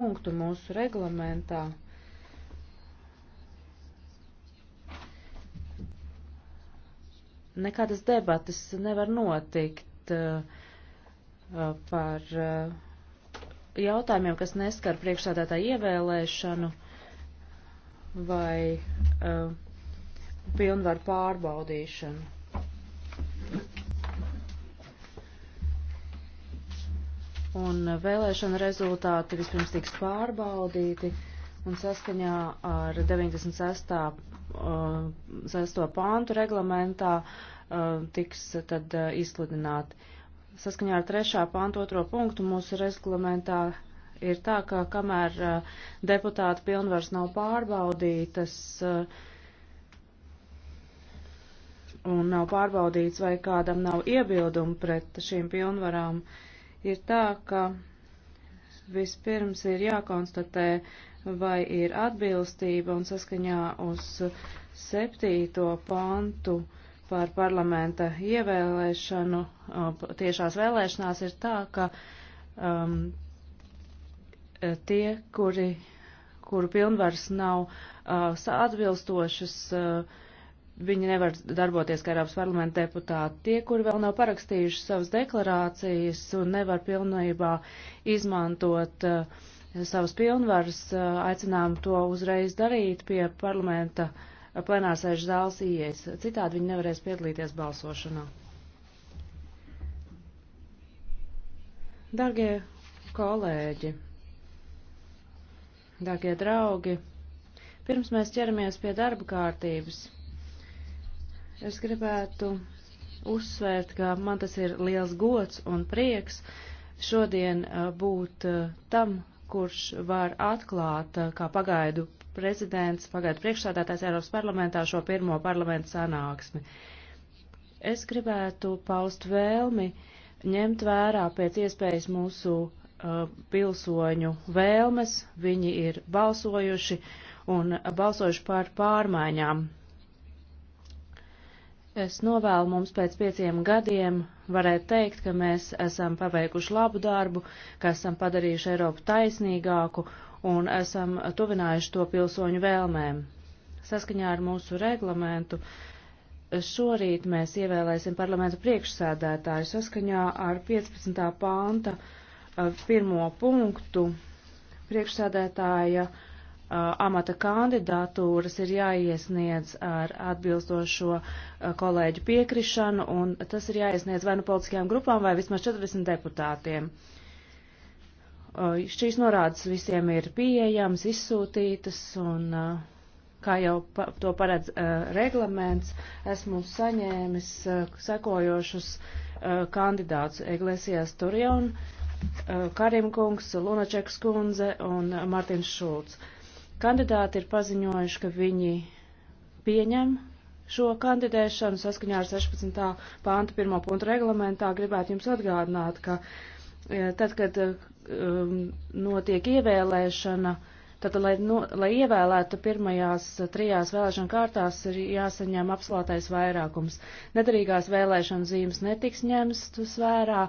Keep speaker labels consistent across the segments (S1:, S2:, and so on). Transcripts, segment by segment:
S1: punktu mūsu reglamentā. Nekādas debatas nevar notikt uh, uh, par uh, jautājumiem, kas neskar priekšsādātāju ievēlēšanu vai pilnvaru pārbaudīšanu. un vēlēšana rezultāti vispirms tiks pārbaudīti un saskaņā ar 96. Uh, 6. pāntu reglamentā uh, tiks tad uh, izsludināti. Saskaņā ar 3. pāntu 2. punktu mūsu reglamentā ir tā, ka kamēr uh, deputāta pilnvars nav pārbaudītas uh, un nav pārbaudīts, vai kādam nav iebildumi pret šīm pilnvarām, uh, ir tā, ka vispirms ir jākonstatē, vai ir atbilstība un saskaņā uz septīto pantu par parlamenta ievēlēšanu, tiešās vēlēšanās ir tā, ka um, tie, kuri, kuru pilnvars nav uh, atbilstošas, uh, Viņi nevar darboties kā Eiropas parlamenta deputāti. Tie, kuri vēl nav parakstījuši savas deklarācijas un nevar pilnībā izmantot uh, savas pilnvaras, uh, aicinām to uzreiz darīt pie parlamenta eh, plenārsēžu zāles ieejas. Citādi viņi nevarēs piedalīties balsošanā. Dargie kolēģi, dargie draugi, pirms mēs ķeramies pie darba kārtības. Es gribētu uzsvērt, ka man tas ir liels gods un prieks šodien uh, būt uh, tam, kurš var atklāt uh, kā pagaidu prezidents, pagaidu priekšsādātājs Eiropas parlamentā šo pirmo parlamentu sanāksmi. Es gribētu paust vēlmi ņemt vērā pēc iespējas mūsu uh, pilsoņu vēlmes, viņi ir balsojuši un balsojuši par pārmaiņām Es novēlu mums pēc pieciem gadiem varētu teikt, ka mēs esam paveikuši labu darbu, ka esam padarījuši Eiropu taisnīgāku un esam tuvinājuši to pilsoņu vēlmēm. Saskaņā ar mūsu reglamentu šorīt mēs ievēlēsim parlamentu priekšsēdētāju saskaņā ar 15. panta eh, pirmo punktu priekšsēdētāja Uh, amata kandidatūras ir jāiesniedz ar atbilstošo uh, kolēģu piekrišanu, un tas ir jāiesniedz vai nu politiskajām grupām, vai vismaz 40 deputātiem. Uh, šīs norādes visiem ir pieejamas, izsūtītas, un kā jau pa, to paredz reglaments, esmu saņēmis sekojošus kandidātus Eglesijas Turjon, Karim kungs, Lunačeks kundze un Martins Šulcs. Kandidāti ir paziņojuši, ka viņi pieņem šo kandidēšanu saskaņā ar 16. pāntu 1. punktu reglamentā. Gribētu jums atgādināt, ka e, tad, kad e, um, notiek ievēlēšana, Tātad, lai, no, lai ievēlētu pirmajās trijās vēlēšana kārtās, ir jāsaņem apslātais vairākums. Nedarīgās vēlēšana zīmes netiks ņemstas vērā,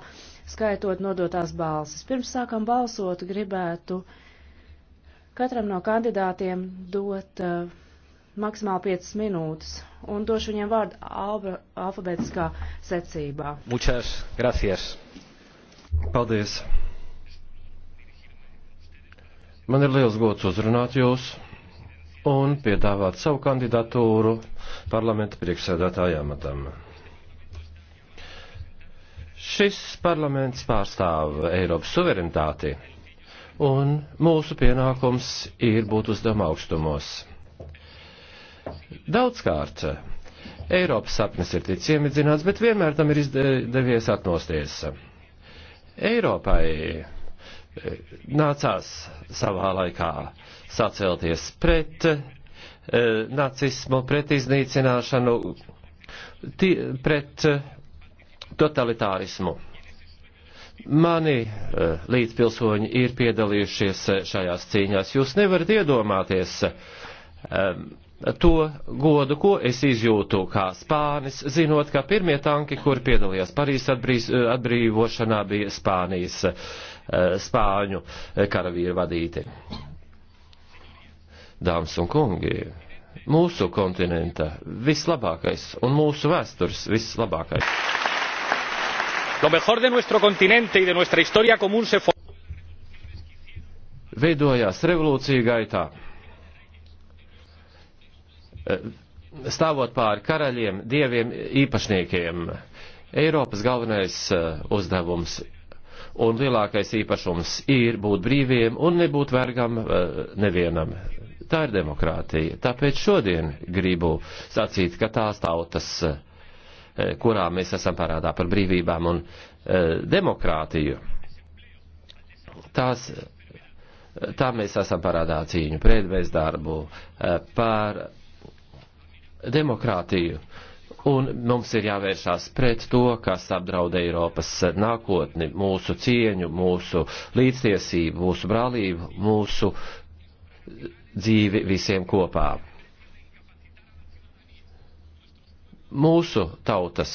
S1: skaitot nodotās balsis. Pirms sākam balsot, gribētu uh, katram no kandidātiem dot uh, maksimāli 5 minūtes un došu viņiem vārdu alba, alfabētiskā secībā.
S2: Muchas gracias. Paldies. Man ir liels gods uzrunāt jūs un piedāvāt savu kandidatūru parlamenta priekšsēdētāja amatam. Šis parlaments pārstāv Eiropas suverenitāti un mūsu pienākums ir būt uzdevuma augstumos. Daudzkārt Eiropas sapnis ir ticis iemidzināts, bet vienmēr tam ir izdevies atnosties. Eiropai e, nācās savā laikā sacelties pret e, nacismu, pret iznīcināšanu, tie, pret e, totalitārismu. Mani eh, līdzpilsoņi ir piedalījušies eh, šajās cīņās. Jūs nevarat iedomāties eh, to godu, ko es izjūtu kā spānis, zinot, ka pirmie tanki, kur piedalījās Parīs atbrīz, atbrīvošanā, bija Spānijas spāņu karavīru vadīti. Dāmas un kungi, mūsu kontinenta vislabākais un mūsu vēstures vislabākais lo mejor de nuestro continente y de nuestra historia común se veidojās revolūcija gaitā. E, stāvot pāri karaļiem, dieviem, īpašniekiem, Eiropas galvenais e, uzdevums un lielākais īpašums ir būt brīviem un nebūt vergam e, nevienam. Tā ir demokrātija. Tāpēc šodien gribu sacīt, ka tās tautas E, kurā mēs esam parādā par brīvībām un e, demokrātiju. Tās, tā mēs esam parādā cīņu pret bezdarbu, e, par demokrātiju. Un mums ir jāvēršās pret to, kas apdraud Eiropas nākotni, mūsu cieņu, mūsu līdztiesību, mūsu brālību, mūsu dzīvi visiem kopā. mūsu tautas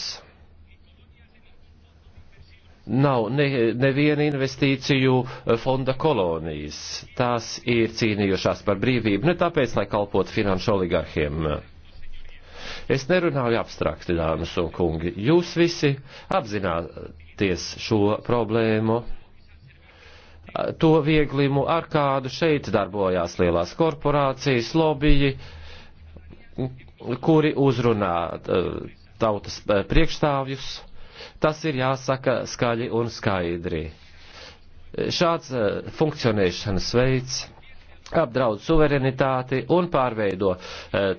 S2: nav ne, neviena investīciju fonda kolonijas. Tās ir cīnījušās par brīvību, ne tāpēc, lai kalpotu finanšu oligarhiem. Es nerunāju abstrakti, dāmas un kungi. Jūs visi apzināties šo problēmu, to vieglimu, ar kādu šeit darbojās lielās korporācijas, lobiji, kuri uzrunā tautas priekšstāvjus. Tas ir jāsaka skaļi un skaidri. Šāds funkcionēšanas veids apdraud suverenitāti un pārveido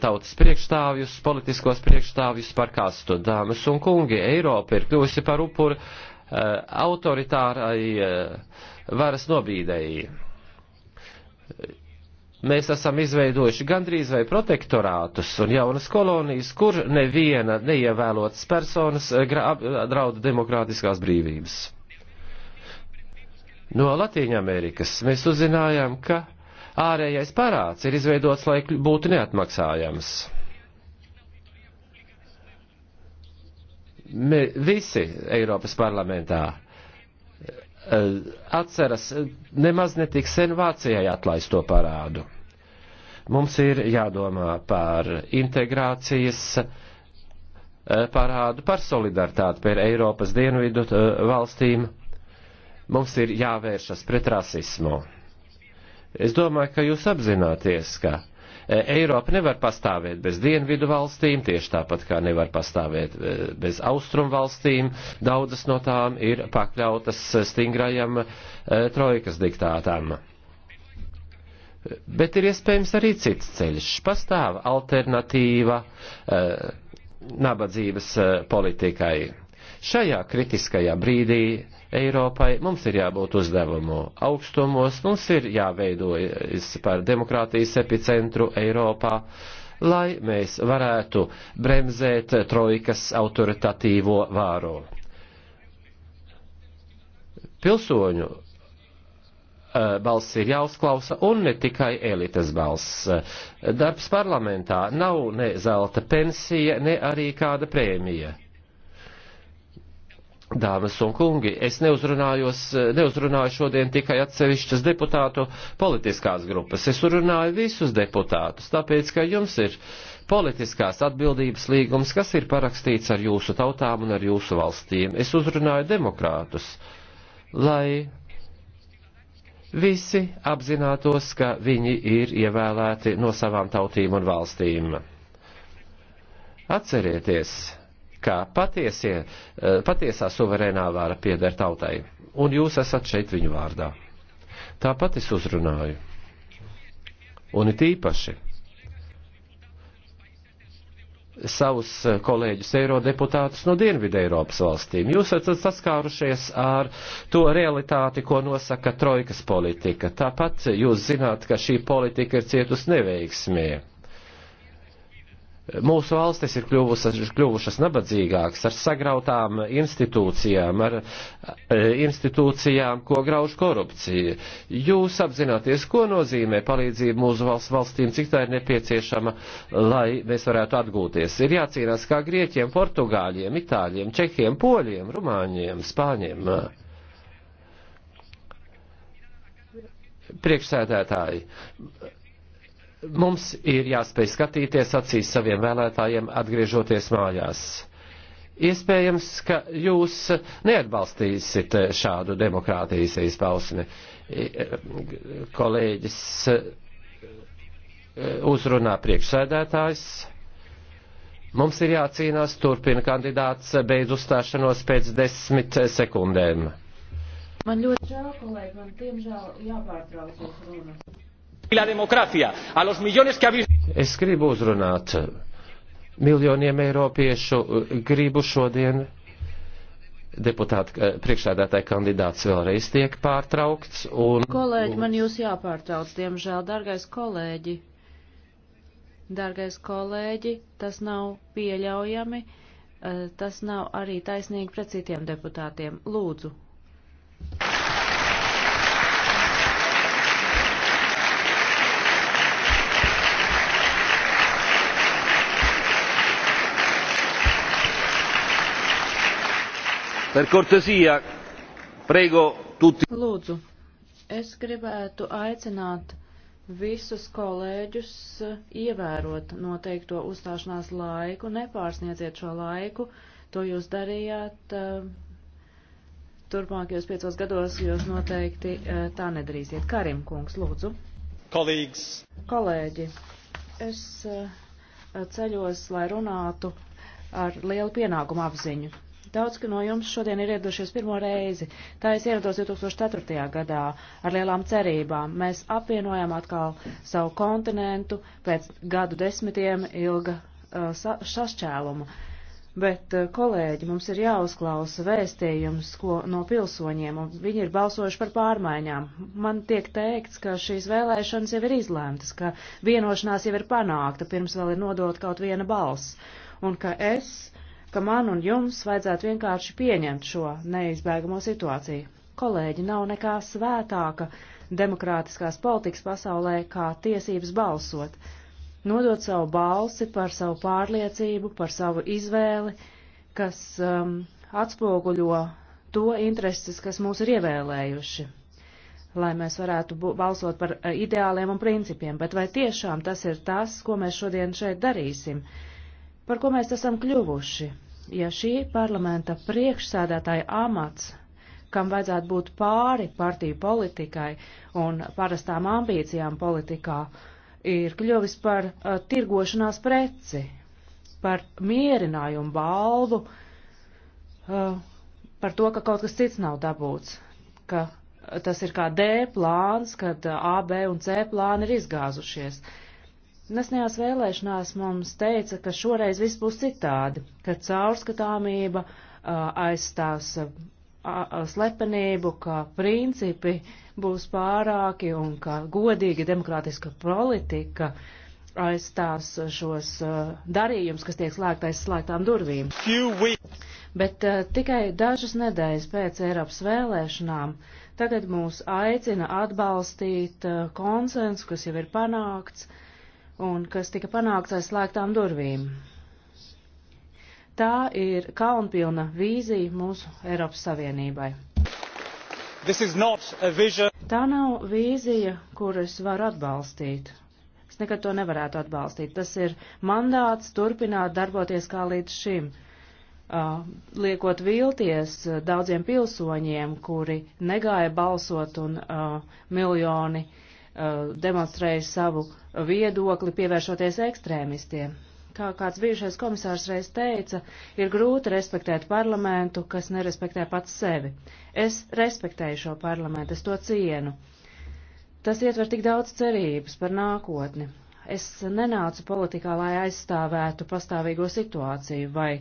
S2: tautas priekšstāvjus, politiskos priekšstāvjus par kastu. Dāmas un kungi, Eiropa ir kļuvusi par upuru autoritārai varas nobīdēji Mēs esam izveidojuši gandrīz vai protektorātus un jaunas kolonijas, kur neviena neievēlotas personas eh, eh, draud demokrātiskās brīvības. No Latīņa Amerikas mēs uzzinājām, ka ārējais parāds ir izveidots, lai būtu neatmaksājams. Me, visi Eiropas parlamentā Eh, atceras nemaz netik sen Vācijai atlaisto parādu. Mums ir jādomā par integrācijas eh, parādu, par solidaritāti par Eiropas dienvidu eh, valstīm. Mums ir jāvēršas pret rasismu. Es domāju, ka jūs apzināties, ka Eh, Eiropa nevar pastāvēt bez dienvidu valstīm, tieši tāpat kā nevar pastāvēt eh, bez austrumu valstīm. Daudzas no tām ir pakļautas eh, stingrajam trojkas diktātam. Bet ir iespējams arī cits ceļš. Pastāv alternatīva nabadzības politikai Šajā kritiskajā brīdī Eiropai mums ir jābūt uzdevumu augstumos, mums ir jāveidojas par demokrātijas epicentru Eiropā, lai mēs varētu bremzēt trojkas autoritatīvo vāro. Pilsoņu eh, balss ir jāuzklausa un ne tikai elites balss. Darbs parlamentā nav ne zelta pensija, ne arī kāda prēmija. Dāmas un kungi, es neuzrunāju šodien tikai atsevišķas deputātu politiskās grupas. Es uzrunāju visus deputātus, tāpēc, ka jums ir politiskās atbildības līgums, kas ir parakstīts ar jūsu tautām un ar jūsu valstīm. Es uzrunāju demokrātus, lai visi apzinātos, ka viņi ir ievēlēti no savām tautīm un valstīm. Atcerieties! ka patiesie, e, patiesā suverēnā vara pieder tautai, un jūs esat šeit viņu vārdā. Tāpat es uzrunāju. Un it īpaši savus kolēģus eirodeputātus no Dienvidu Eiropas valstīm. Jūs esat saskārušies ar to realitāti, ko nosaka trojkas politika. Tāpat jūs zināt, ka šī politika ir cietusi neveiksmē. Mūsu valstis ir kļuvušas, kļuvušas nabadzīgākas ar sagrautām institūcijām, ar e, institūcijām, ko grauž korupcija. Jūs apzināties, ko nozīmē palīdzība mūsu valsts valstīm, cik tā ir nepieciešama, lai mēs varētu atgūties. Ir jācīnās kā grieķiem, portugāļiem, itāļiem, čehiem, poļiem, rumāņiem, spāņiem. Priekšsēdētāji, Mums ir jāspēj skatīties acīs saviem vēlētājiem, atgriežoties mājās. Iespējams, ka jūs neatbalstīsit šādu demokrātijas izpausmi. E, kolēģis e, e, uzrunā priekšsēdētājs. Mums ir jācīnās, turpina kandidāts, beidz uzstāšanos pēc desmit sekundēm.
S1: Man ļoti žēl, kolēģi, man tiemžēl jāpārtrauc jūsu runa
S2: la democracia, a los millones que habéis. Es gribu uzrunāt miljoniem eiropiešu, gribu šodien deputāta eh, priekšsēdētāja kandidāts vēlreiz tiek pārtraukts. Un... Kolēģi,
S1: man jūs jāpārtrauc, diemžēl, dargais kolēģi. Dargais kolēģi, tas nav pieļaujami, eh, tas nav arī taisnīgi pret citiem deputātiem. Lūdzu.
S3: Per cortesia, prego tutti. Lūdzu,
S1: es gribētu aicināt visus kolēģus eh, ievērot noteikto uzstāšanās laiku, nepārsniedziet šo laiku, to jūs darījāt. Eh, turpmākajos piecos gados jūs noteikti eh, tā nedarīsiet. Karim kungs, lūdzu. Kolīgs. Kolēģi, es ceļos, lai runātu ar lielu pienākumu apziņu. Daudz, ka no jums šodien ir ieradušies pirmo reizi. Tā es ierados 2004. gadā ar lielām cerībām. Mēs apvienojām atkal savu kontinentu pēc gadu desmitiem ilga uh, sašķēluma. Bet, uh, kolēģi, mums ir jāuzklausa vēstījums ko, no pilsoņiem, un viņi ir balsojuši par pārmaiņām. Man tiek teikts, ka šīs vēlēšanas jau ir izlēmtas, ka vienošanās jau ir panākta, pirms vēl ir nodota kaut viena balss, un ka es ka man un jums vajadzētu vienkārši pieņemt šo neizbēgamo situāciju. Kolēģi, nav nekā svētāka demokrātiskās politikas pasaulē kā tiesības balsot, nodot savu balsi par savu pārliecību, par savu izvēli, kas um, atspoguļo to intereses, kas mūs ir ievēlējuši lai mēs varētu balsot par eh, ideāliem un principiem, bet vai tiešām tas ir tas, ko mēs šodien šeit darīsim, par ko mēs esam kļuvuši? ja šī parlamenta priekšsēdētāja amats kam vajadzētu būt pāri partiju politikai un parastām ambīcijām politikā, ir kļuvis par uh, tirgošanās preci, par mierinājumu balvu, uh, par to, ka kaut kas cits nav dabūts, ka uh, tas ir kā D plāns, kad uh, A, B un C plāni ir izgāzušies. Uh, Nesnējās vēlēšanās mums teica, ka šoreiz viss būs citādi, ka caurskatāmība aizstās slepenību, ka principi būs pārāki un ka godīga demokrātiska politika aizstās šos darījumus, kas tiek slēgt aiz slēgtām durvīm. Bet uh, tikai dažas nedēļas pēc Eiropas vēlēšanām tagad mūs aicina atbalstīt uh, konsensu, kas jau ir panākts, uh, un kas tika panākts aiz slēgtām durvīm. Tā ir kaunpilna vīzija mūsu Eiropas Savienībai. Tā nav vīzija, kuras var atbalstīt. Es nekad to nevarētu atbalstīt. Tas ir mandāts turpināt darboties kā līdz šim, uh, liekot vilties daudziem pilsoņiem, kuri negāja balsot un uh, miljoni uh, Eh, demonstrējuši savu viedokli, pievēršoties ekstrēmistiem. Kā kāds bijušais komisārs reiz teica, ir grūti respektēt parlamentu, kas nerespektē pats sevi. Es respektēju šo parlamentu, es to cienu. Tas ietver tik daudz cerības par nākotni es nenācu politikā, lai aizstāvētu pastāvīgo situāciju vai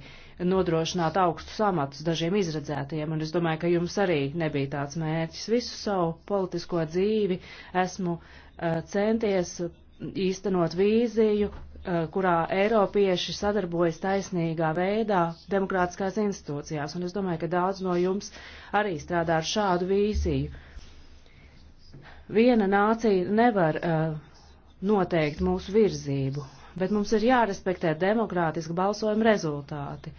S1: nodrošinātu augstu samatus dažiem izredzētiem, un es domāju, ka jums arī nebija tāds mērķis. Visu savu politisko dzīvi esmu uh, centies īstenot vīziju, uh, kurā Eiropieši sadarbojas taisnīgā veidā demokrātiskās institūcijās, un es domāju, ka daudz no jums arī strādā ar šādu vīziju. Viena nācija nevar uh, noteikt mūsu virzību, bet mums ir jārespektē demokrātiski balsojuma rezultāti.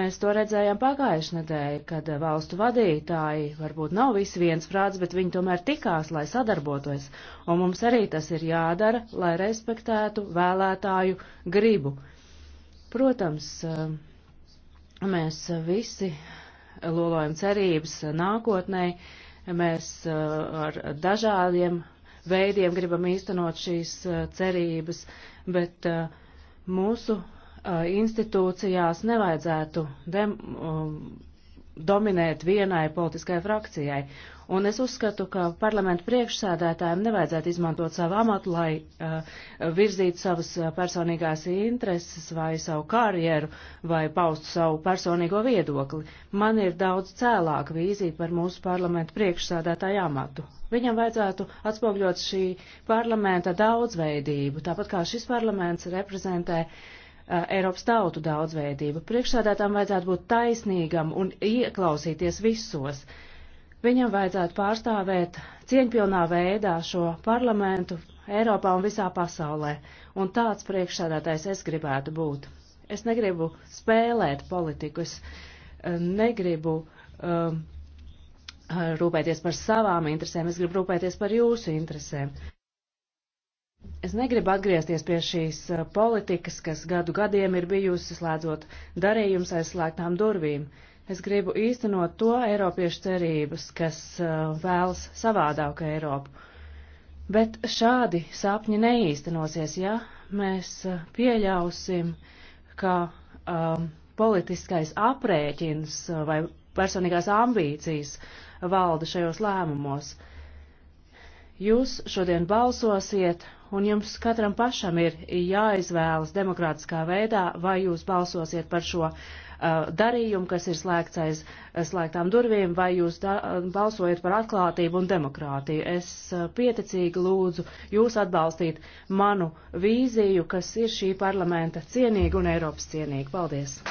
S1: Mēs to redzējām pagājušajā nedēļā, kad valstu vadītāji varbūt nav visi viens prāts, bet viņi tomēr tikās, lai sadarbotos, un mums arī tas ir jādara, lai respektētu vēlētāju gribu. Protams, mēs visi lolojam cerības nākotnē, mēs ar dažādiem veidiem gribam īstenot šīs uh, cerības, bet uh, mūsu uh, institūcijās nevajadzētu dem, um, dominēt vienai politiskai frakcijai. Un es uzskatu, ka parlamentu priekšsēdētājiem nevajadzētu izmantot savu amatu, lai uh, virzītu savas eh, personīgās intereses vai savu karjeru vai paustu savu personīgo viedokli. Man ir daudz cēlāka vīzija par mūsu parlamentu priekšsēdētāju amatu. Viņam vajadzētu atspogļot šī parlamenta daudzveidību, tāpat kā šis parlaments reprezentē uh, Eiropas tautu daudzveidību. Priekšsādātām vajadzētu būt taisnīgam un ieklausīties visos. Uh, Viņam vajadzētu pārstāvēt cieņpilnā veidā šo parlamentu Eiropā un visā pasaulē, un tāds priekšsēdētājs es gribētu būt. Es negribu spēlēt politiku, es eh, negribu um, rūpēties par savām interesēm, es gribu rūpēties par jūsu interesēm. Es negribu atgriezties pie šīs eh, politikas, kas gadu gadiem ir bijusi slēdzot darījums aiz slēgtām durvīm. Uh, Es gribu īstenot to Eiropiešu cerības, kas uh, vēlas savādāku Eiropu. Bet šādi sapņi neīstenosies, ja mēs uh, pieļausim, ka um, politiskais aprēķins uh, vai personīgās ambīcijas valda šajos lēmumos. Jūs šodien balsosiet, un jums katram pašam ir jāizvēlas demokrātiskā veidā, vai jūs balsosiet par šo uh, Uh, darījumu, kas ir slēgts aiz uh, slēgtām durvīm, vai jūs da, uh, balsojat par atklātību un demokrātiju. Es pieticīgi lūdzu jūs atbalstīt manu vīziju, kas ir šī parlamenta cienīga un Eiropas cienīga. Paldies!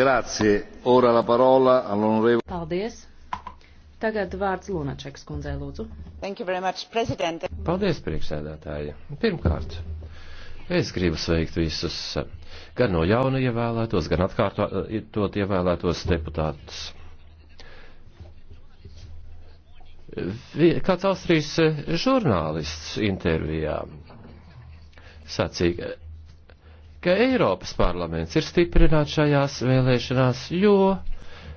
S3: Grazie. Ora la parola all'onorevole. Paldies.
S1: Tagad vārds Lunačeks kundzei lūdzu. Much, President.
S2: Paldies, priekšsēdētāji. Pirmkārt, es gribu sveikt visus, gan no jauna ievēlētos, gan atkārtot ievēlētos deputātus. Kāds Austrijas žurnālists intervijā sacīja, ka Eiropas parlaments ir stiprināts šajās vēlēšanās, jo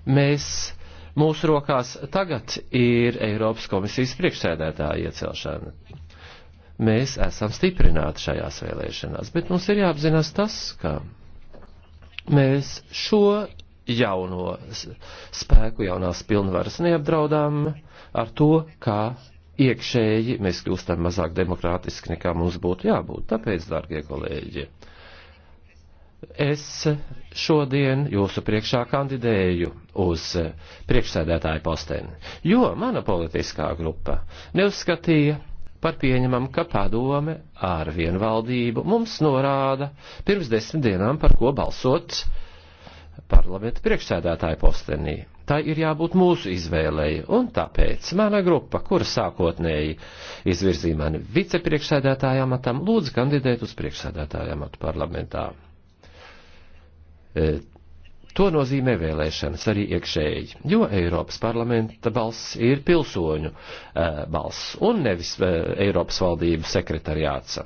S2: mēs mūsu rokās tagad ir Eiropas komisijas priekšsēdētāja iecelšana. Mēs esam stiprināti šajās vēlēšanās, bet mums ir jāapzinās tas, ka mēs šo jauno spēku, jaunās pilnvaras neapdraudām ar to, kā iekšēji mēs kļūstam mazāk demokrātiski, nekā mums būtu jābūt. Tāpēc, dārgie kolēģi, uh, Es šodien jūsu priekšā kandidēju uz priekšsēdētāju posteni, jo mana politiskā grupa neuzskatīja par pieņemam, ka padome ar vienvaldību mums norāda pirms desmit dienām, par ko balsot parlamenta priekšsēdētāju postenī. Tā ir jābūt mūsu izvēlei, un tāpēc mana grupa, kura sākotnēji izvirzīja mani vicepriekšsēdētājamatam, lūdzu kandidēt uz priekšsēdētājamatu parlamentā. E, to nozīmē vēlēšanas arī iekšēji, jo Eiropas parlamenta balss ir pilsoņu e, balss un nevis e, Eiropas valdību sekretariāts.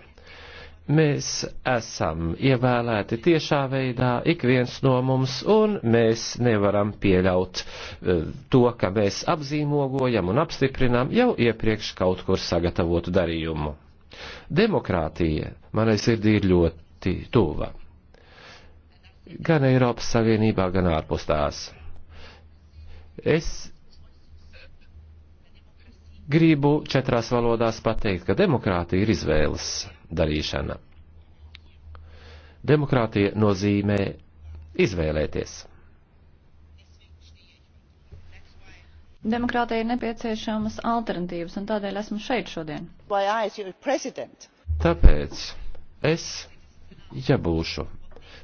S2: Mēs esam ievēlēti tiešā veidā, ik viens no mums, un mēs nevaram pieļaut to, ka mēs apzīmogojam un apstiprinām jau iepriekš kaut kur sagatavotu darījumu. Demokrātija manai sirdī ir ļoti tuva gan Eiropas Savienībā, gan ārpus tās. Es gribu četrās valodās pateikt, ka demokrātija ir izvēles darīšana. Demokrātija nozīmē izvēlēties.
S4: Demokrātija ir nepieciešamas alternatīvas, un tādēļ esmu šeit šodien.
S2: Tāpēc es, ja būšu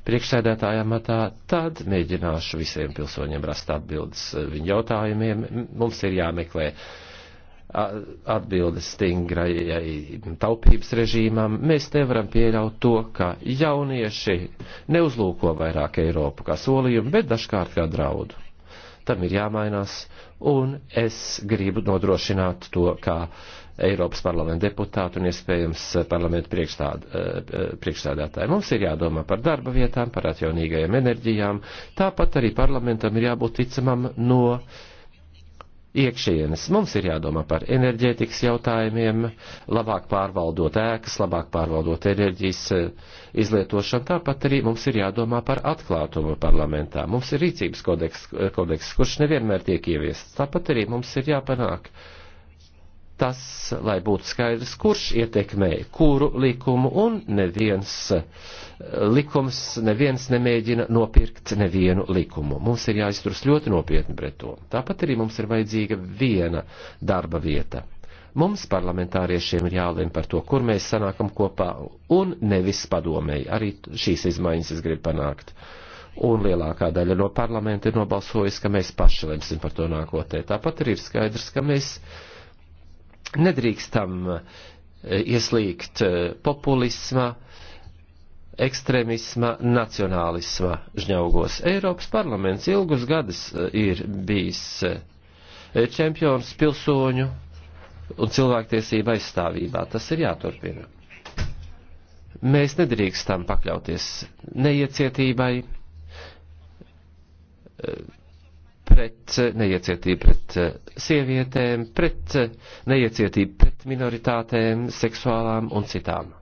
S2: priekšsēdētājā matā, tad mēģināšu visiem pilsoņiem rast atbildes viņu jautājumiem. Mums ir jāmeklē atbildes stingrajai taupības režīmam. Mēs nevaram pieļaut to, ka jaunieši neuzlūko vairāk Eiropu kā solījumu, bet dažkārt kā draudu. Tam ir jāmainās, un es gribu nodrošināt to, kā uh, Eiropas parlamenta deputātu un iespējams eh, parlamenta priekšstādātāju. Eh, eh, mums ir jādomā par darba vietām, par atjaunīgajām enerģijām, tāpat arī parlamentam ir jābūt ticamam no iekšienes. Mums ir jādomā par enerģētikas jautājumiem, labāk pārvaldot ēkas, labāk pārvaldot enerģijas izlietošanu. Tāpat arī mums ir jādomā par atklātumu parlamentā. Mums ir rīcības kodeks, kodeks kurš nevienmēr tiek ieviests. Tāpat arī mums ir jāpanāk tas, lai būtu skaidrs, kurš ietekmē kuru likumu, un neviens likums, neviens nemēģina nopirkt nevienu likumu. Mums ir jāizturas ļoti nopietni pret to. Tāpat arī mums ir vajadzīga viena darba vieta. Mums parlamentāriešiem ir jālem par to, kur mēs sanākam kopā, un nevis padomēji. Arī šīs izmaiņas es gribu panākt un lielākā daļa no parlamenta ir nobalsojusi, ka mēs paši lemsim par to nākotnē. Tāpat arī ir skaidrs, ka mēs Nedrīkstam e, ieslīgt e, populisma, ekstremisma, nacionālisma žņaugos. Eiropas parlaments ilgus gadus e, ir bijis čempions pilsoņu un cilvēktiesība aizstāvībā. Tas ir jāturpina. Mēs nedrīkstam pakļauties neiecietībai, pret eh, neiecietību pret eh, sievietēm, pret eh, neiecietību pret minoritātēm, seksuālām un citām.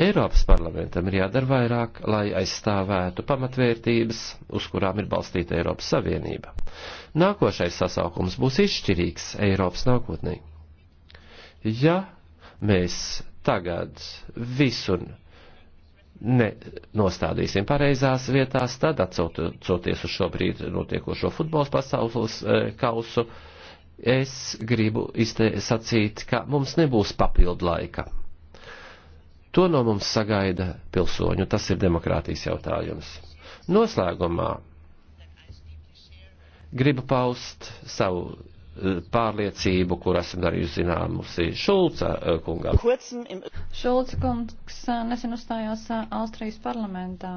S2: Eiropas parlamentam ir jādara vairāk, lai aizstāvētu pamatvērtības, uz kurām ir balstīta Eiropas Savienība. Nākošais sasaukums būs izšķirīgs Eiropas nākotnē. Ja mēs tagad visu nenostādīsim pareizās vietās, tad atcaucoties uz šobrīd notiekošo futbols pasaules e, kausu, es gribu sacīt, ka mums nebūs papildu laika. To no mums sagaida pilsoņu, tas ir demokrātijas jautājums. Noslēgumā gribu paust savu pārliecību, kur esam arī zināmusi Šulca eh, kungam.
S4: Šulca kungs eh, nesen uzstājās eh, Austrijas parlamentā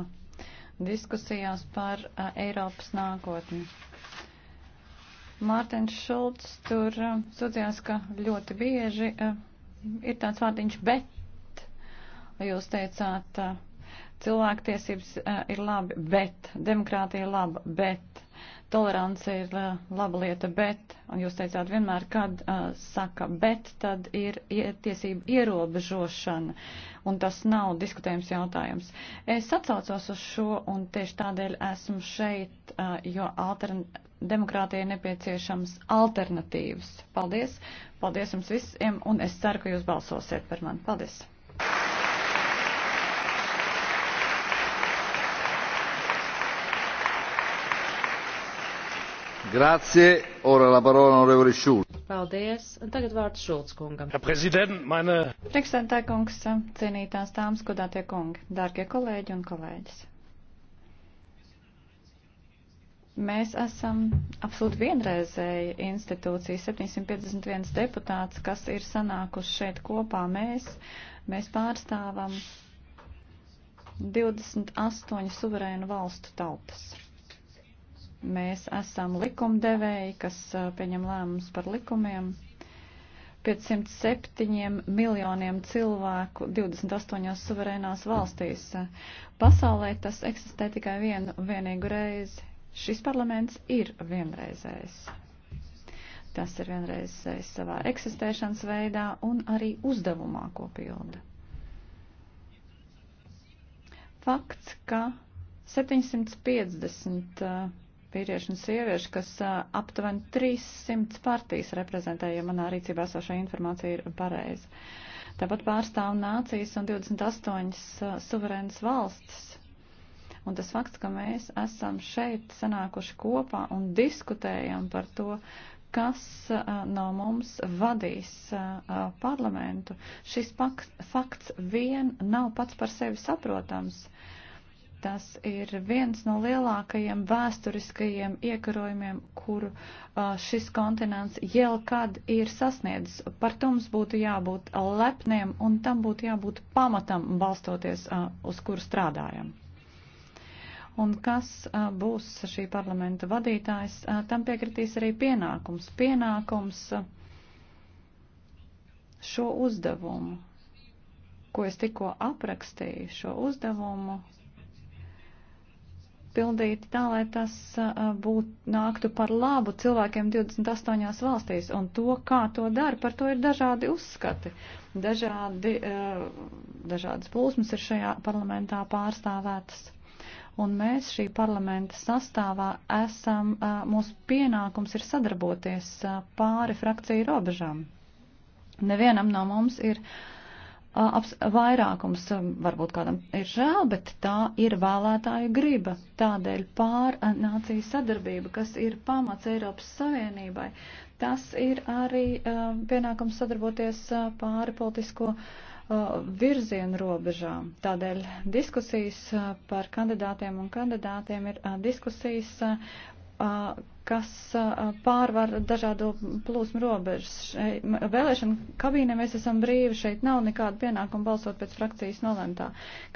S4: diskusijās par Eiropas nākotni. Mārtiņš Šulcs tur sūdzījās, ka ļoti bieži ir tāds vārdiņš bet, jūs teicāt, cilvēktiesības ir labi, bet, demokrātija ir laba, bet tolerance ir laba lieta, bet, un jūs teicāt vienmēr, kad uh, saka bet, tad ir tiesība ierobežošana, un tas nav diskutējums jautājums. Es atsaucos uz šo, un tieši tādēļ esmu šeit, uh, jo altern demokrātijai nepieciešams alternatīvas. Paldies! Paldies jums visiem, un es ceru, ka jūs balsosiet par mani. Paldies!
S3: Grazie. Ora la parola onorevole Schulz.
S1: Paldies. Un tagad vārds Šulc kungam. Herr Präsident,
S3: meine.
S4: Priekšsēdētāj kungs, cienītās tāms, godātie kungi, dārgie kolēģi un kolēģis. Mēs esam absolūti vienreizēja institūcija, 751 deputāts, kas ir sanākuši šeit kopā. Mēs, mēs pārstāvam 28 suverēnu valstu tautas. Mēs esam likumdevēji, kas pieņem lēmumus par likumiem. 507 miljoniem cilvēku 28 suverēnās valstīs. Pasaulē tas eksistē tikai vienu vienīgu reizi. Šis parlaments ir vienreizējs. Tas ir vienreizējs savā eksistēšanas veidā un arī uzdevumā, ko pilda. Fakts, ka 750 vīrieši un sievieši, kas aptuveni 300 partijas reprezentē, ja manā rīcībā esošā informācija ir pareiza. Tāpat pārstāv nācijas un 28 suverēnas valstis. Un tas fakts, ka mēs esam šeit sanākuši kopā un diskutējam par to, kas no mums vadīs parlamentu, šis fakts vien nav pats par sevi saprotams. Uh, Tas ir viens no lielākajiem vēsturiskajiem iekarojumiem, kuru uh, šis kontinents jau kad ir sasniedzis. Par to mums būtu jābūt lepniem un tam būtu jābūt pamatam balstoties, uh, uz kur strādājam. Un kas uh, būs šī parlamenta vadītājs, tam piekritīs arī pienākums. Pienākums šo uzdevumu, ko es tikko aprakstīju, šo uzdevumu pildīti tā, lai tas uh, būt, nāktu par labu cilvēkiem 28 valstīs. Un to, kā to dara, par to ir dažādi uzskati. Dažādi, uh, dažādas plūsmas ir šajā parlamentā pārstāvētas. Un mēs šī parlamenta sastāvā esam, uh, mūsu pienākums ir sadarboties pāri frakciju robežām. Nevienam no mums ir uh, aps, vairākums um, varbūt kādam ir žēl, bet tā ir vēlētāju griba. Tādēļ pārnāciju sadarbība, kas ir pamats Eiropas Savienībai, tas ir arī uh, pienākums sadarboties uh, pāri politisko uh, virzienu robežām. Tādēļ diskusijas uh, par kandidātiem un kandidātiem ir uh, diskusijas. Uh, uh kas pārvar dažādo plūsmu robežas. Vēlēšana kabīne mēs esam brīvi, šeit nav nekāda pienākuma balsot pēc frakcijas nolēmtā.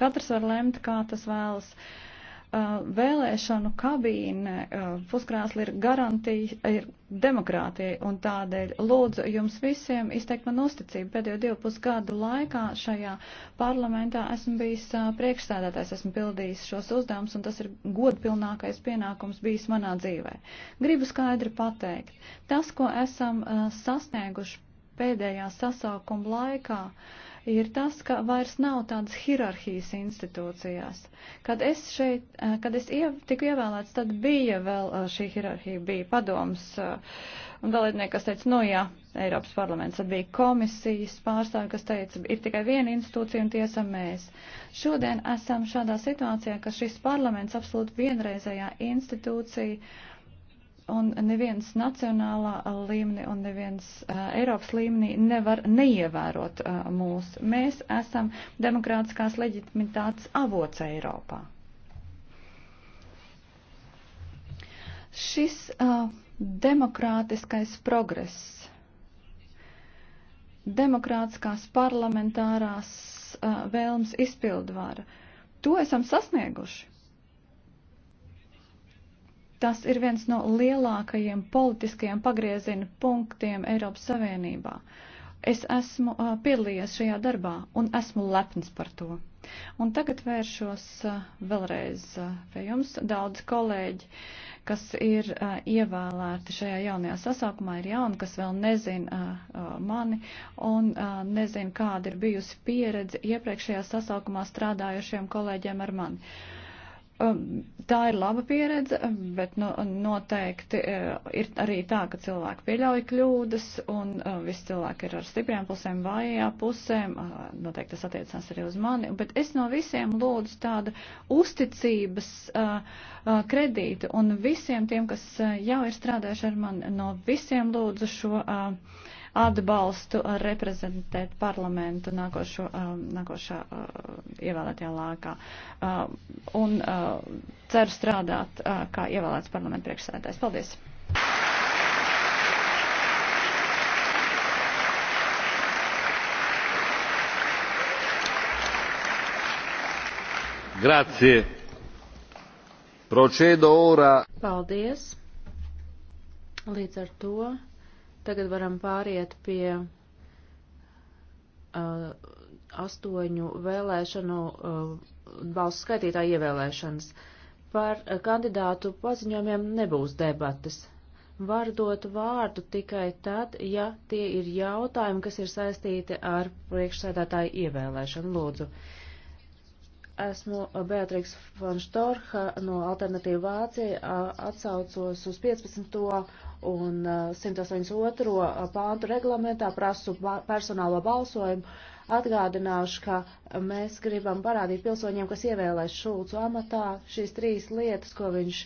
S4: Katrs var lemt, kā tas vēlas. Uh, Uh, vēlēšanu kabīne uh, puskrāsli ir garantija, ir demokrātija, un tādēļ lūdzu jums visiem izteikt man uzticību. Pēdējo divu pusgadu laikā šajā parlamentā esmu bijis uh, priekšstādātājs, esmu pildījis šos uzdevumus, un tas ir godpilnākais pienākums bijis manā dzīvē. Gribu skaidri pateikt, tas, ko esam sasnieguši pēdējā sasaukuma laikā, uh, ir tas, ka vairs nav tādas hierarhijas institūcijās. Kad es šeit, eh, kad es iev, tiku ievēlēts, tad bija vēl eh, šī hierarhija, bija padoms, eh, un dalībnieki, kas teica, nu jā, Eiropas parlaments, tad bija komisijas pārstāvi, kas teica, ir tikai viena institūcija un tiesa mēs. Šodien esam šādā situācijā, ka šis parlaments absolūti vienreizējā institūcija, un neviens nacionālā līmenī un neviens uh, Eiropas līmenī nevar neievērot uh, mūs. Mēs esam demokrātiskās leģitimitātes avots Eiropā. Šis uh, demokrātiskais progress, demokrātiskās parlamentārās uh, vēlmes izpildvara, to esam sasnieguši. Tas ir viens no lielākajiem politiskajiem pagrieziena punktiem Eiropas Savienībā. Es esmu uh, piedalījies šajā darbā un esmu lepns par to. Un tagad vēršos uh, vēlreiz uh, pie jums. Daudz kolēģi, kas ir uh, ievēlēti šajā jaunajā sasaukumā, ir jauni, kas vēl nezina uh, uh, mani un uh, nezina, kāda ir bijusi pieredze iepriekšējā sasaukumā strādājušiem kolēģiem ar mani. Uh, Um, tā ir laba pieredze, bet nu, noteikti uh, ir arī tā, ka cilvēki pieļauj kļūdas un uh, visi cilvēki ir ar stipriem pusēm, vājā pusēm. Uh, noteikti tas attiecās arī uz mani, bet es no visiem lūdzu tādu uzticības kredītu un visiem tiem, kas jau ir strādājuši ar mani, no visiem lūdzu šo. Uh, atbalstu uh, reprezentēt parlamentu nākošo, um, nākošā uh, ievēlētajā lākā. Uh, un ceru strādāt kā ievēlēts parlamentu priekšsēdētājs. Paldies!
S3: Grazie. Procedo ora.
S1: Paldies. Līdz ar to Tagad varam pāriet pie uh, astoņu vēlēšanu uh, balsu skaitītāju ievēlēšanas. Par uh, kandidātu paziņojumiem nebūs debatas. Var dot vārdu tikai tad, ja tie ir jautājumi, kas ir saistīti ar priekšsēdētāju ievēlēšanu. Lūdzu. Esmu Beatriks von Štorha no Alternatīva Vācija, atsaucos uz 15 un 182. Uh, uh, pāntu reglamentā prasu personālo balsojumu. Atgādināšu, ka mēs gribam parādīt pilsoņiem, kas ievēlēs Šulcu amatā, šīs trīs lietas, ko viņš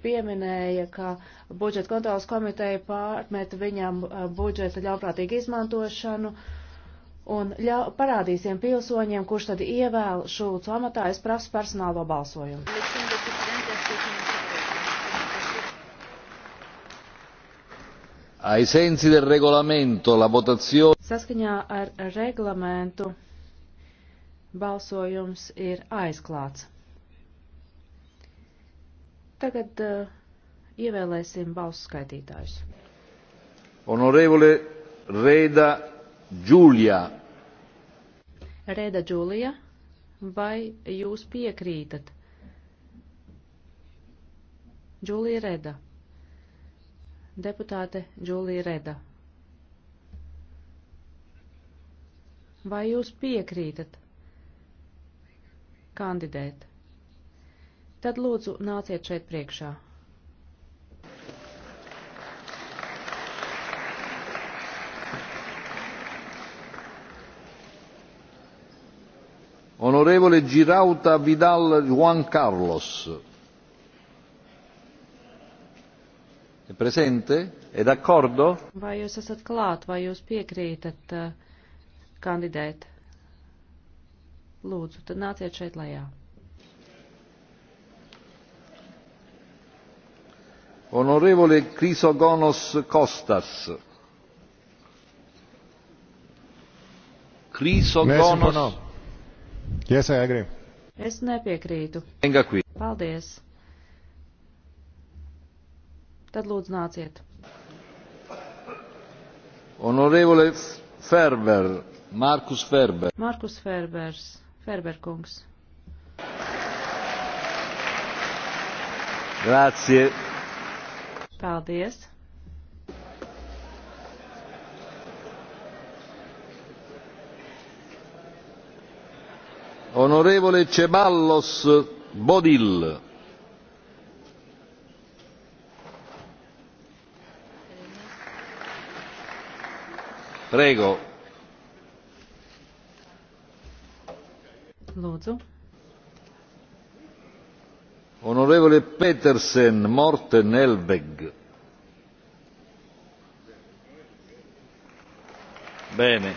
S1: pieminēja, ka budžeta kontrolas komiteja pārmet viņam uh, budžeta ļauprātīgu izmantošanu. Un ļau, parādīsim pilsoņiem, kurš tad ievēl Šulcu amatā, es prasu personālo balsojumu. Likumda.
S3: Ai sensi del regolamento la votazione.
S1: Saskaņā ar reglamentu balsojums ir aizklāts. Tagad uh, ievēlēsim balsu skaitītājus.
S3: Honorevole Reda Džulija.
S1: Reda Džulija, vai jūs piekrītat? Džulija Reda deputāte Džulija Reda. Vai jūs piekrītat kandidēt? Tad lūdzu nāciet šeit priekšā.
S3: Onorevole Girauta Vidal Juan Carlos. presente, è d'accordo?
S1: Vai jūs esat klāt, vai jūs piekrītat uh, kandidēt? Lūdzu, tad nāciet šeit lejā.
S3: Onorevole Crisogonos Kostas. Crisogonos. Yes, I agree.
S1: Es nepiekrītu. Paldies tad lūdzu nāciet.
S3: Honorevole Ferber, Markus Ferber.
S1: Markus Ferbers, Ferberkungs.
S3: Grazie.
S1: Paldies.
S3: Onorevole Ceballos Bodil. Reigo. Lūdzu. Onorevole Petersen, Morten Elbeg. Bene.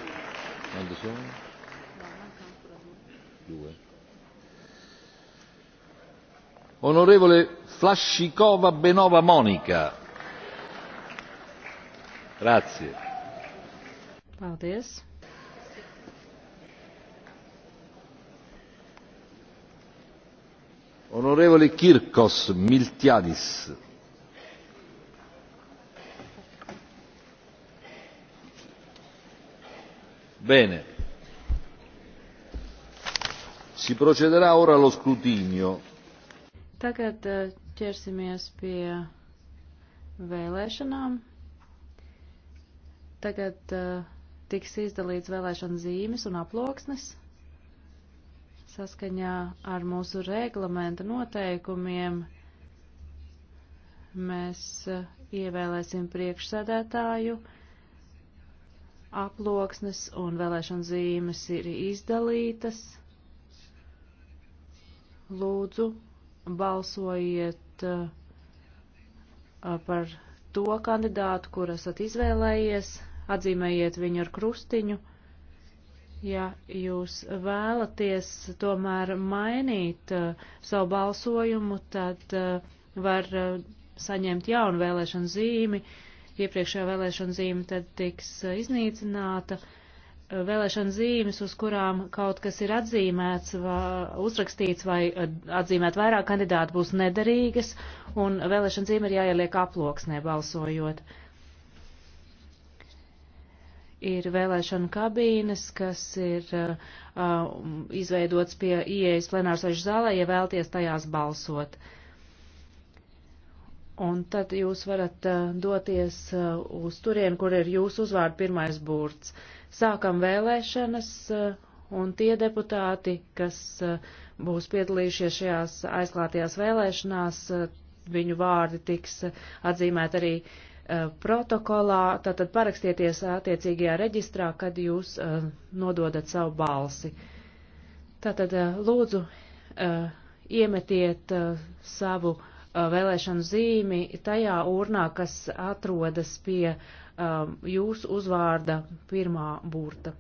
S3: Quanti sono? Due. Onorevole Flascicova Benova Monica. Grazie.
S1: Paldies!
S3: Onorevole Kirkos Miltiadis. Bene. Si procederà ora allo scrutinio.
S4: Tagad eh,
S1: ķersimies pie vēlēšanām. Tagad uh, tiks izdalīts vēlēšana zīmes un aploksnes saskaņā ar mūsu reglamenta noteikumiem. Mēs eh, ievēlēsim priekšsēdētāju, aploksnes un vēlēšana zīmes ir izdalītas. Lūdzu, balsojiet eh, par to kandidātu, kur esat izvēlējies atzīmējiet viņu ar krustiņu. Ja jūs vēlaties tomēr mainīt uh, savu balsojumu, tad uh, var uh, saņemt jaunu vēlēšanu zīmi. Iepriekšējā vēlēšana zīme tad tiks uh, iznīcināta. Uh, vēlēšana zīmes, uz kurām kaut kas ir atzīmēts, va, uzrakstīts vai uh, atzīmēt vairāk kandidātu, būs nederīgas, un vēlēšana zīme ir jāieliek aploksnē balsojot. Uh, ir vēlēšana kabīnes, kas ir uh, um, izveidots pie ieejas plenārsēžu zālē, ja vēlties tajās balsot. Un tad jūs varat uh, doties uh, uz turien, kur ir jūsu uzvārdu pirmais burts. Sākam vēlēšanas, uh, un tie deputāti, kas uh, būs piedalījušies šajās aizklātajās vēlēšanās, uh, viņu vārdi tiks uh, atzīmēt arī uh, E, protokolā, tātad parakstieties attiecīgajā reģistrā, kad jūs uh, nododat savu balsi. Tātad uh, lūdzu uh, iemetiet savu vēlēšanu zīmi tajā urnā, kas atrodas pie jūsu uzvārda pirmā burta.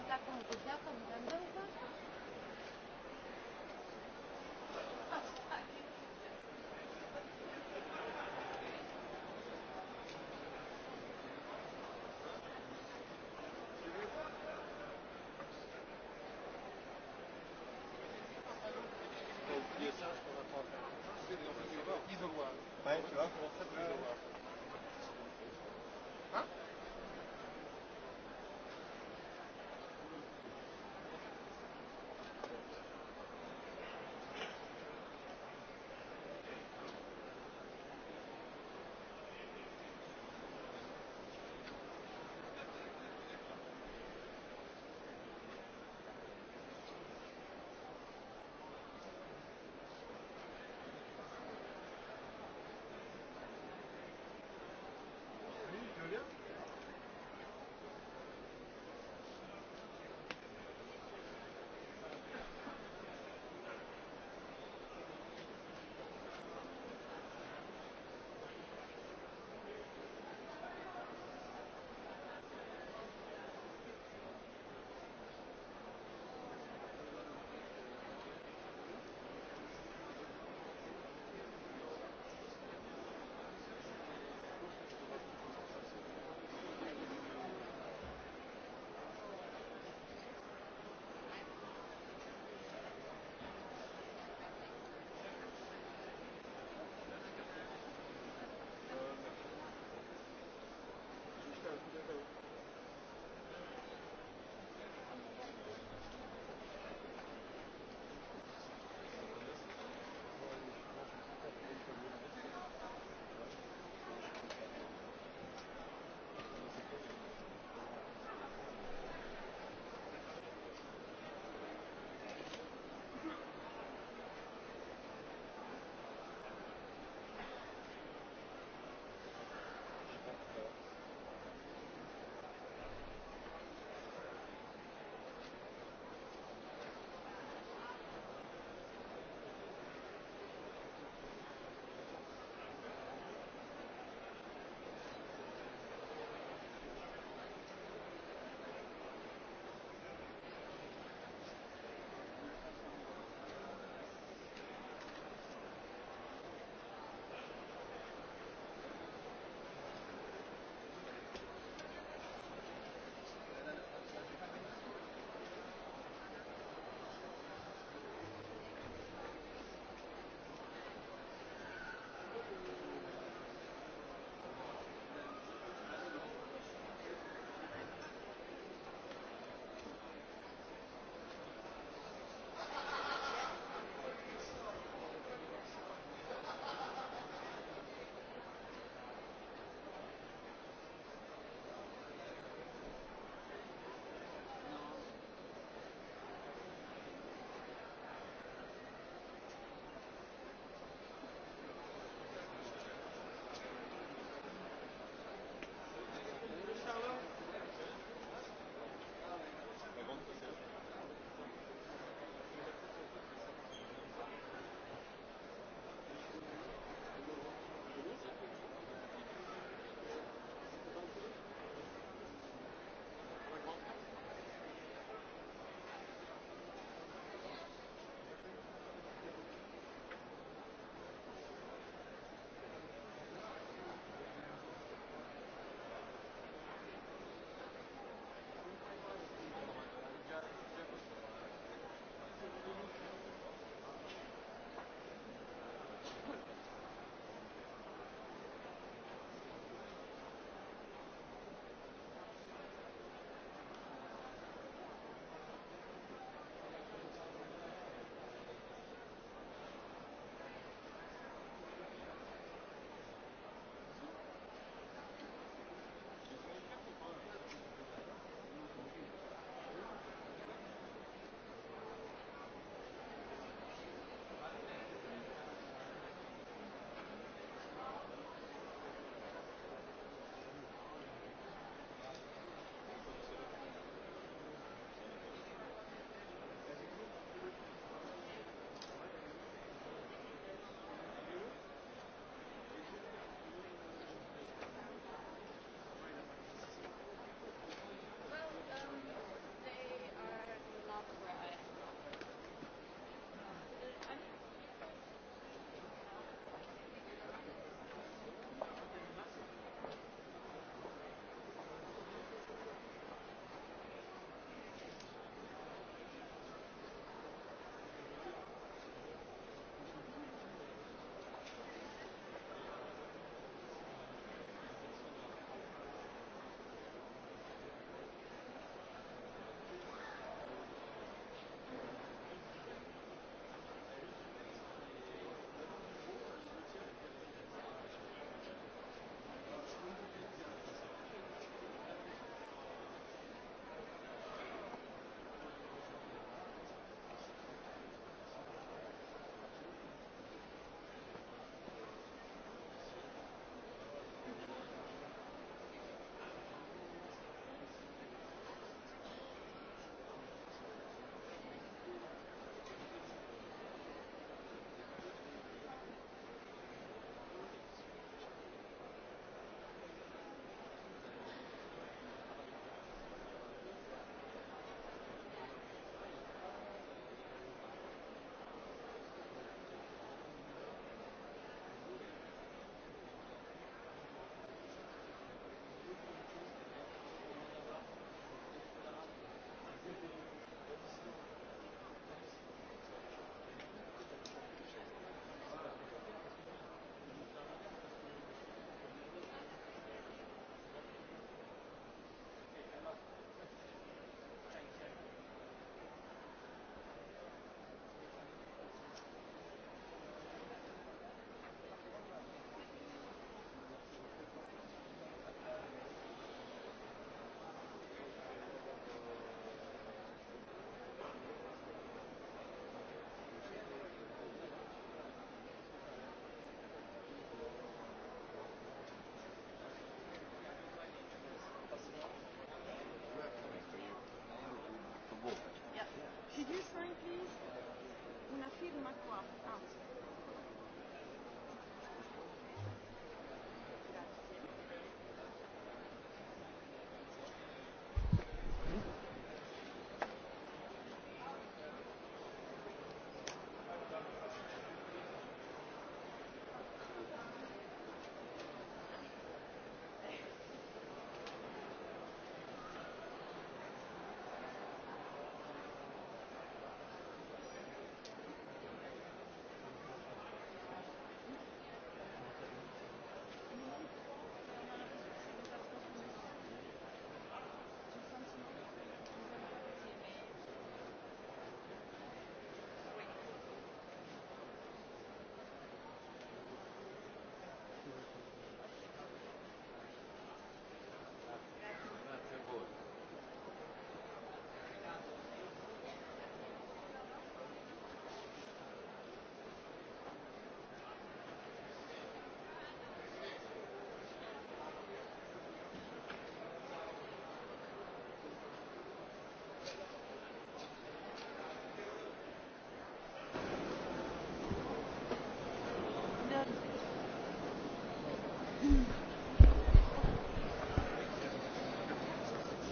S4: contar como te sea, como te endeudas. Ouais, tu vois.
S3: Hein ah?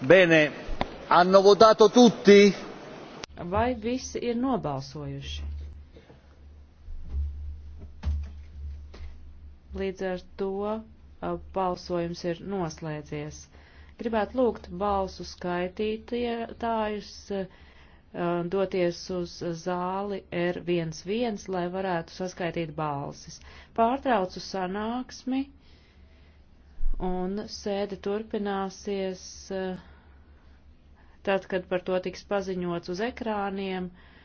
S3: Bene, hanno votato tutti?
S1: Vai visi ir nobalsojuši? Līdz ar to uh, balsojums ir noslēdzies. Gribētu lūgt balsu skaitītājus uh, doties uz zāli R11, lai varētu saskaitīt balsis. Pārtraucu sanāksmi un sēde turpināsies. Uh, Tad, kad par to tiks paziņots uz ekrāniem, uh,